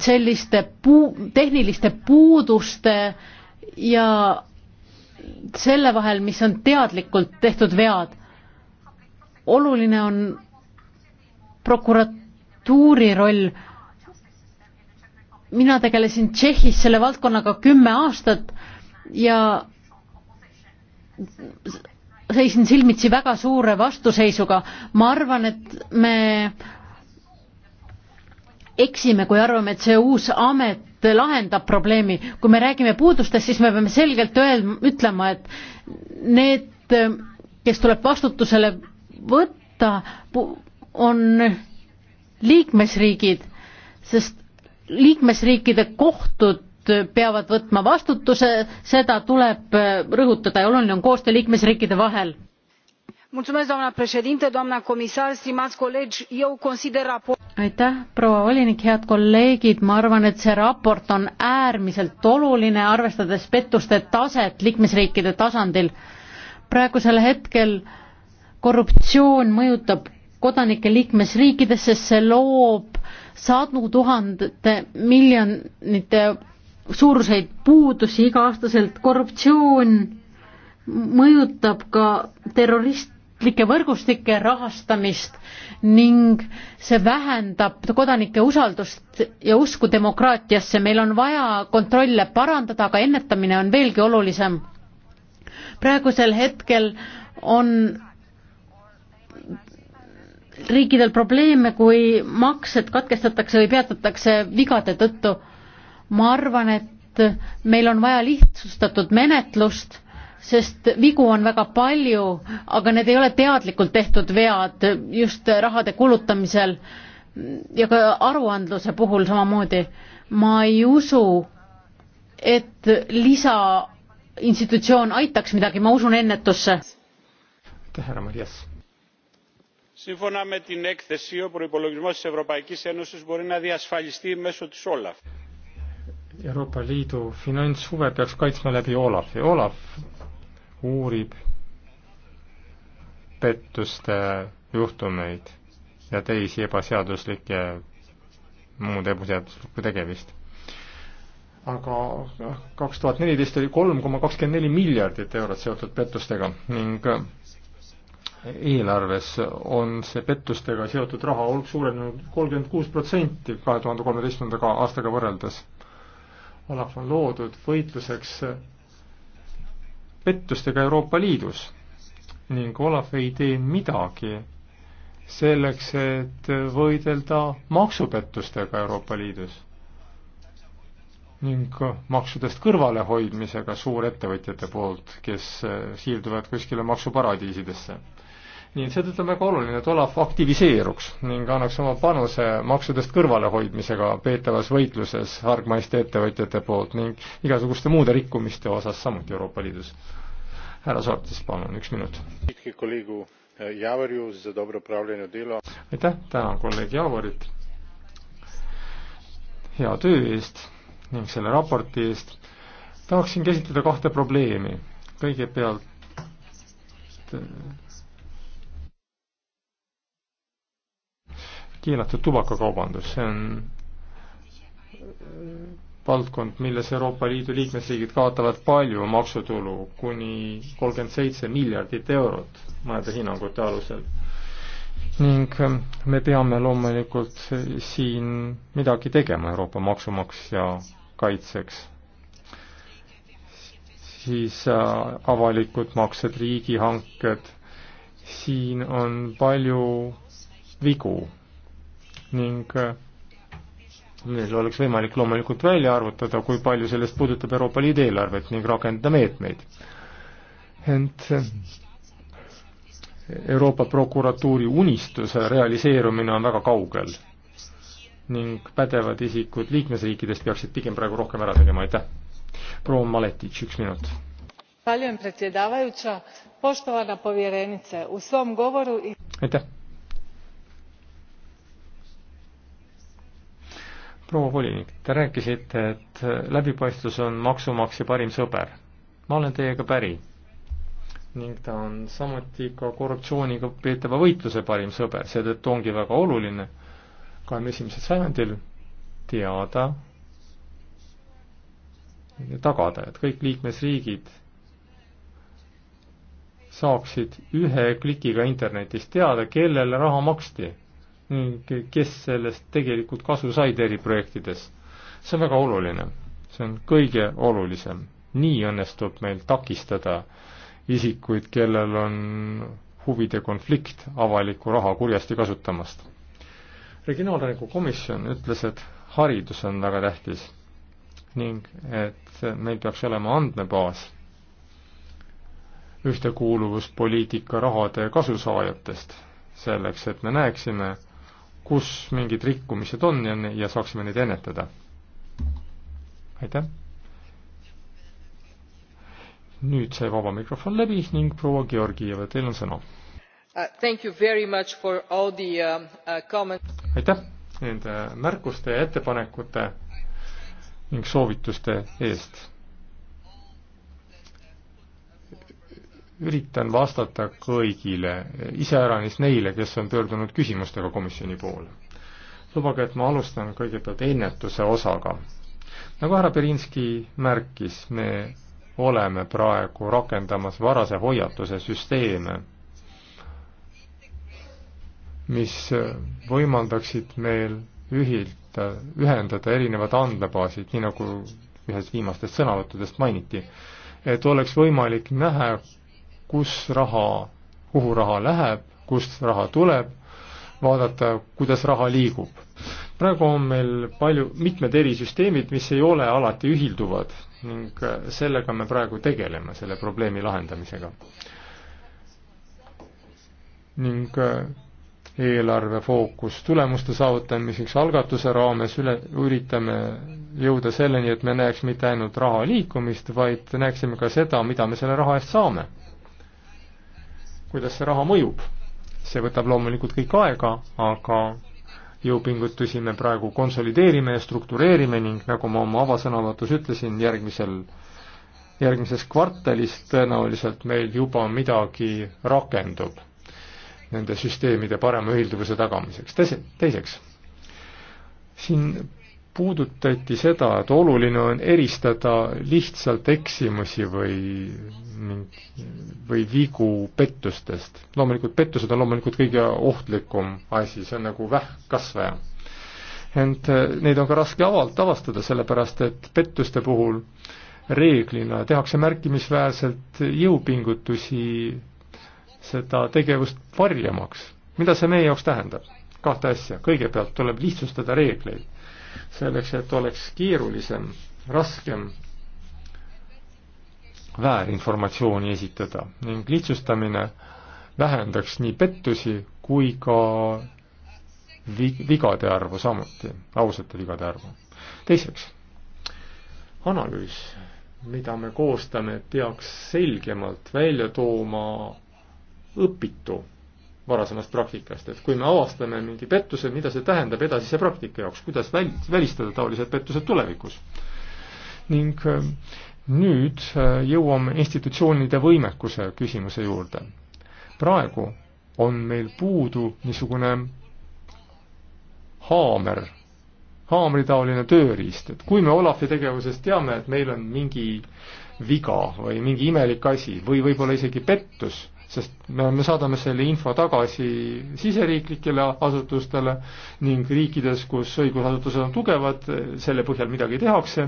S3: selliste puu, tehniliste puuduste ja selle vahel, mis on teadlikult tehtud vead. oluline on prokuratuuri roll mina tegelesin Tšehhis selle valdkonnaga kümme aastat ja seisin silmitsi väga suure vastuseisuga. ma arvan, et me eksime, kui arvame, et see uus amet lahendab probleemi. kui me räägime puudustest, siis me peame selgelt öel-, ütlema, et need, kes tuleb vastutusele võtta, on liikmesriigid, sest liikmesriikide kohtud peavad võtma vastutuse, seda tuleb äh, rõhutada ja oluline on koostöö liikmesriikide vahel. doamna președinte, doamna comisar, stimați colegi, eu consider raport... aitäh, proua volinik, head kolleegid, ma arvan, et see raport on äärmiselt oluline, arvestades pettuste taset liikmesriikide tasandil. praegusel hetkel korruptsioon mõjutab kodanikke liikmesriikides, sest see loob sadu tuhandete miljonite suuruseid puudusi iga-aastaselt, korruptsioon mõjutab ka terroristlike võrgustike rahastamist ning see vähendab kodanike usaldust ja usku demokraatiasse. meil on vaja kontrolle parandada, aga ennetamine on veelgi olulisem. praegusel hetkel on riikidel probleeme, kui maksed katkestatakse või peatatakse vigade tõttu. ma arvan, et meil on vaja lihtsustatud menetlust, sest vigu on väga palju, aga need ei ole teadlikult tehtud vead just rahade kulutamisel ja ka aruandluse puhul samamoodi. ma ei usu, et lisainstitutsioon aitaks midagi, ma usun ennetusse. aitäh, härra Marias
S1: σύμφωνα με την έκθεση ο προϋπολογισμός της ευρωπαϊκής ένωσης μπορεί να διασφαλιστεί μέσω της olaf. Euroopa Liidu finantshuve peaks kaitsma läbi Olafi. Olaf uurib pettuste juhtumeid ja teisi ebaseaduslikke, muud ebaseaduslikku tegemist. aga kaks tuhat neliteist oli kolm koma kakskümmend neli miljardit eurot seotud pettustega ning eelarves on see pettustega seotud raha hulk suurenenud kolmkümmend kuus protsenti kahe tuhande kolmeteistkümnenda aastaga võrreldes. Olaf on loodud võitluseks pettustega Euroopa Liidus ning Olav ei tee midagi selleks, et võidelda maksupettustega Euroopa Liidus ning maksudest kõrvalehoidmisega suurettevõtjate poolt, kes siirduvad kuskile maksuparadiisidesse nii et seetõttu on väga oluline, et Olav aktiviseeruks ning annaks oma panuse maksudest kõrvalehoidmisega peetavas võitluses hargmaiste ettevõtjate poolt ning igasuguste muude rikkumiste osas samuti Euroopa Liidus. härra Sortis, palun, üks minut. Äh, aitäh, tänan kolleeg Javorit hea töö eest ning selle raporti eest. tahaksin käsitleda kahte probleemi. kõigepealt äh, keelatud tubakakaubandus, see on äh, valdkond, milles Euroopa Liidu liikmesriigid kaotavad palju maksutulu, kuni kolmkümmend seitse miljardit eurot mõnede hinnangute alusel. ning äh, me peame loomulikult äh, siin midagi tegema Euroopa maksumaksja kaitseks siis avalikud maksed, riigihanked, siin on palju vigu ning äh, meil oleks võimalik loomulikult välja arvutada, kui palju sellest puudutab Euroopa Liidu eelarvet ning rakendada meetmeid. ent äh, Euroopa prokuratuuri unistuse realiseerumine on väga kaugel ning pädevad isikud liikmesriikidest peaksid pigem praegu rohkem ära tegema, aitäh. proua Maletitš, üks minut. aitäh. proua volinik, te rääkisite, et läbipaistvus on maksumaksja parim sõber. ma olen teiega päri. ning ta on samuti ka korruptsiooniga peetava võitluse parim sõber, seetõttu ongi väga oluline kahekümne esimesel sajandil teada ja tagada, et kõik liikmesriigid saaksid ühe klikiga internetis teada, kellele raha maksti ning kes sellest tegelikult kasu said eriprojektides. see on väga oluline, see on kõige olulisem. nii õnnestub meil takistada isikuid, kellel on huvide konflikt avaliku raha kurjasti kasutamast. regionaalarengu komisjon ütles, et haridus on väga tähtis ning et meil peaks olema andmebaas ühtekuuluvuspoliitika rahade kasusaajatest, selleks et me näeksime, kus mingid rikkumised on ja, ja saaksime neid ennetada. aitäh! nüüd sai vaba mikrofon läbi ning proua Georgieva, teil on sõna.
S2: Uh, uh, uh,
S1: aitäh nende märkuste ja ettepanekute ning soovituste eest üritan vastata kõigile, iseäranis neile, kes on pöördunud küsimustega komisjoni poole. lubage, et ma alustan kõigepealt ennetuse osaga. nagu härra Berinski märkis, me oleme praegu rakendamas varase hoiatuse süsteeme, mis võimaldaksid meil ühilda, ühendada erinevad andmebaasid, nii nagu ühes viimastest sõnavõttudest mainiti, et oleks võimalik näha, kus raha, kuhu raha läheb, kust raha tuleb, vaadata, kuidas raha liigub. praegu on meil palju, mitmed erisüsteemid, mis ei ole alati ühilduvad ning äh, sellega me praegu tegeleme, selle probleemi lahendamisega. ning äh, eelarve fookus tulemuste saavutamiseks algatuse raames üle, üritame jõuda selleni, et me näeks mitte ainult raha liikumist, vaid näeksime ka seda, mida me selle raha eest saame kuidas see raha mõjub. see võtab loomulikult kõik aega, aga jõupingutusi me praegu konsolideerime ja struktureerime ning nagu ma oma avasõnavõtus ütlesin, järgmisel, järgmises kvartalis tõenäoliselt meil juba midagi rakendub nende süsteemide parema ühilduvuse tagamiseks. teise, teiseks, siin puudutati seda, et oluline on eristada lihtsalt eksimusi või või vigu pettustest. loomulikult pettused on loomulikult kõige ohtlikum asi, see on nagu vähkkasvaja. ent äh, neid on ka raske avalt avastada, sellepärast et pettuste puhul reeglina tehakse märkimisväärselt jõupingutusi seda tegevust varjamaks. mida see meie jaoks tähendab? kahte asja, kõigepealt tuleb lihtsustada reegleid selleks, et oleks keerulisem, raskem väärinformatsiooni esitada ning lihtsustamine vähendaks nii pettusi kui ka vigade arvu samuti, ausate vigade arvu. teiseks, analüüs, mida me koostame, peaks selgemalt välja tooma õpitu varasemast praktikast, et kui me avastame mingi pettuse, mida see tähendab edasise praktika jaoks, kuidas väl-, välistada taolised pettused tulevikus. ning äh, nüüd äh, jõuame institutsioonide võimekuse küsimuse juurde. praegu on meil puudu niisugune haamer, haamritaoline tööriist, et kui me Olavi tegevusest teame, et meil on mingi viga või mingi imelik asi või võib-olla isegi pettus, sest me, me saadame selle info tagasi siseriiklikele asutustele ning riikides, kus õigusasutused on tugevad, selle põhjal midagi tehakse,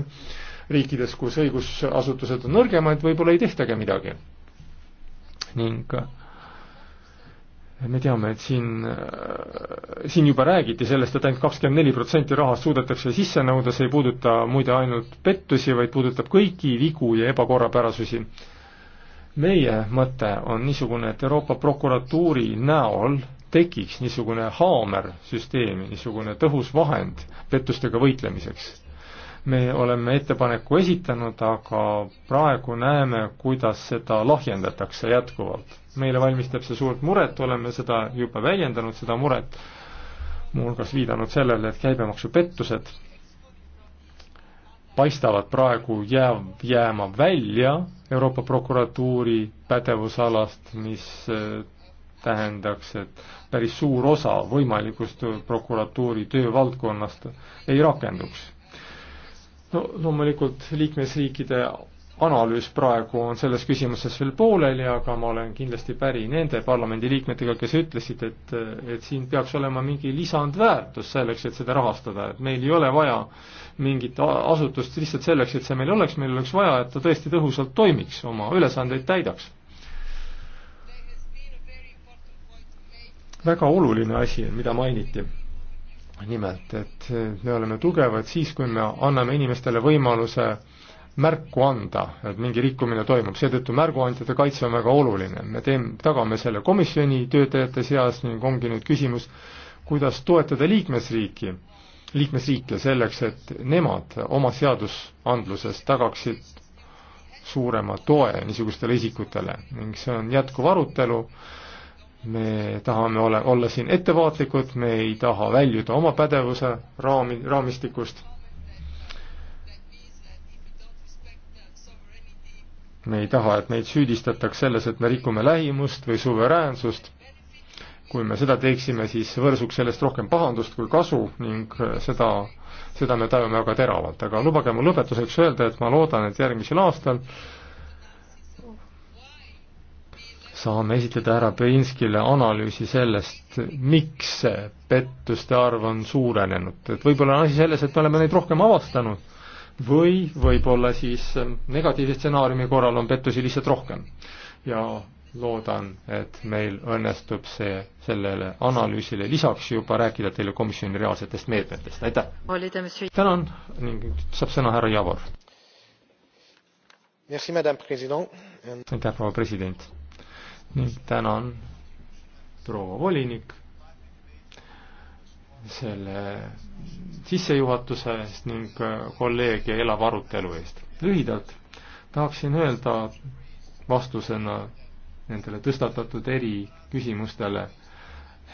S1: riikides, kus õigusasutused on nõrgemad, võib-olla ei tehtagi midagi. ning äh, me teame, et siin, äh, siin juba räägiti sellest et, et ainult kakskümmend neli protsenti rahast suudetakse sisse nõuda, see ei puuduta muide ainult pettusi, vaid puudutab kõiki vigu ja ebakorrapärasusi meie mõte on niisugune, et Euroopa prokuratuuri näol tekiks niisugune haamersüsteemi, niisugune tõhus vahend pettustega võitlemiseks. me oleme ettepaneku esitanud, aga praegu näeme, kuidas seda lahjendatakse jätkuvalt. meile valmistab see suurt muret, oleme seda juba väljendanud, seda muret, muuhulgas viidanud sellele, et käibemaksupettused paistavad praegu jää, jääma välja Euroopa prokuratuuri pädevusalast, mis äh, tähendaks, et päris suur osa võimalikust prokuratuuri töövaldkonnast ei rakenduks. no loomulikult liikmesriikide analüüs praegu on selles küsimuses veel pooleli, aga ma olen kindlasti päri nende parlamendiliikmetega, kes ütlesid, et, et siin peaks olema mingi lisandväärtus selleks, et seda rahastada, et meil ei ole vaja mingit asutust lihtsalt selleks, et see meil oleks, meil oleks vaja, et ta tõesti tõhusalt toimiks, oma ülesandeid täidaks. väga oluline asi, mida mainiti nimelt, et me oleme tugevad siis, kui me anname inimestele võimaluse märku anda, et mingi rikkumine toimub, seetõttu märguandjate kaitse on väga oluline. me teeme, tagame selle komisjoni töötajate seas ning ongi nüüd küsimus, kuidas toetada liikmesriiki, liikmesriike selleks, et nemad oma seadusandluses tagaksid suurema toe niisugustele isikutele ning see on jätkuv arutelu, me tahame ole, olla siin ettevaatlikud, me ei taha väljuda oma pädevuse raami, raamistikust me ei taha, et meid süüdistataks selles, et me rikume lähimust või suveräänsust. kui me seda teeksime, siis võrsuks sellest rohkem pahandust kui kasu ning äh, seda, seda me tajume väga teravalt, aga lubage mul lõpetuseks öelda, et ma loodan, et järgmisel aastal saame esitleda härra Beinskile analüüsi sellest, miks see pettuste arv on suurenenud, et võib-olla on asi selles, et me oleme neid rohkem avastanud või võib-olla siis ähm, negatiivse stsenaariumi korral on pettusi lihtsalt rohkem. ja loodan, et meil õnnestub see, sellele analüüsile lisaks juba rääkida teile komisjoni reaalsetest meetmetest, aitäh! tänan ning saab sõna härra Javor. aitäh, proua president! ning tänan proua volinik selle sissejuhatuse eest ning äh, kolleeg ja elava arutelu eest. lühidalt tahaksin öelda vastusena nendele tõstatatud eri küsimustele,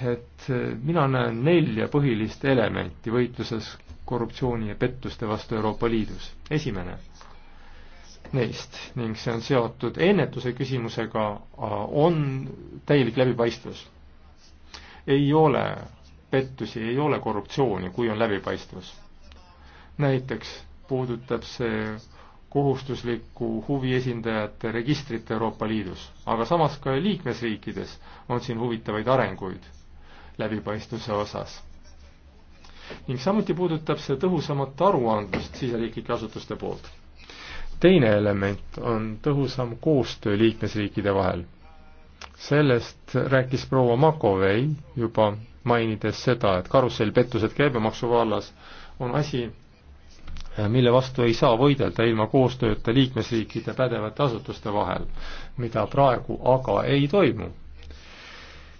S1: et äh, mina näen nelja põhilist elementi võitluses korruptsiooni ja pettuste vastu Euroopa Liidus. esimene neist ning see on seotud ennetuse küsimusega, äh, on täielik läbipaistvus. ei ole pettusi ei ole korruptsiooni, kui on läbipaistvus. näiteks puudutab see kohustuslikku huvi esindajate registrit Euroopa Liidus, aga samas ka liikmesriikides on siin huvitavaid arenguid läbipaistvuse osas. ning samuti puudutab see tõhusamat aruandlust siseriiklike asutuste poolt. teine element on tõhusam koostöö liikmesriikide vahel sellest rääkis proua Makovei juba, mainides seda, et karussellpettused käibemaksu vallas on asi, mille vastu ei saa võidelda ilma koostööta liikmesriikide pädevate asutuste vahel, mida praegu aga ei toimu.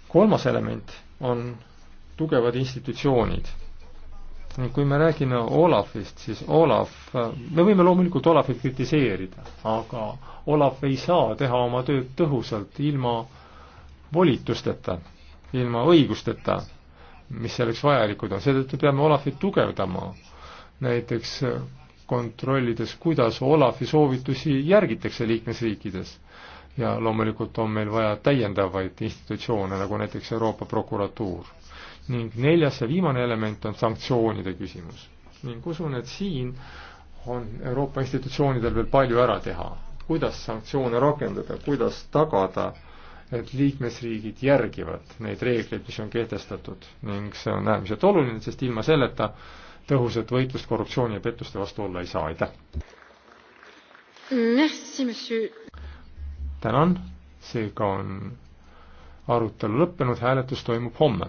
S1: kolmas element on tugevad institutsioonid ning kui me räägime Olafist, siis Olav, me võime loomulikult Olavit kritiseerida, aga Olav ei saa teha oma tööd tõhusalt ilma volitusteta, ilma õigusteta, mis selleks vajalikud on, seetõttu peame Olavit tugevdama. näiteks kontrollides, kuidas Olavi soovitusi järgitakse liikmesriikides. ja loomulikult on meil vaja täiendavaid institutsioone, nagu näiteks Euroopa prokuratuur ning neljas ja viimane element on sanktsioonide küsimus. ning usun, et siin on Euroopa institutsioonidel veel palju ära teha, kuidas sanktsioone rakendada, kuidas tagada, et liikmesriigid järgivad neid reegleid, mis on kehtestatud ning see on äärmiselt oluline, sest ilma selleta tõhusat võitlust korruptsiooni ja pettuste vastu olla ei saa, aitäh! tänan, seega on arutelu lõppenud, hääletus toimub homme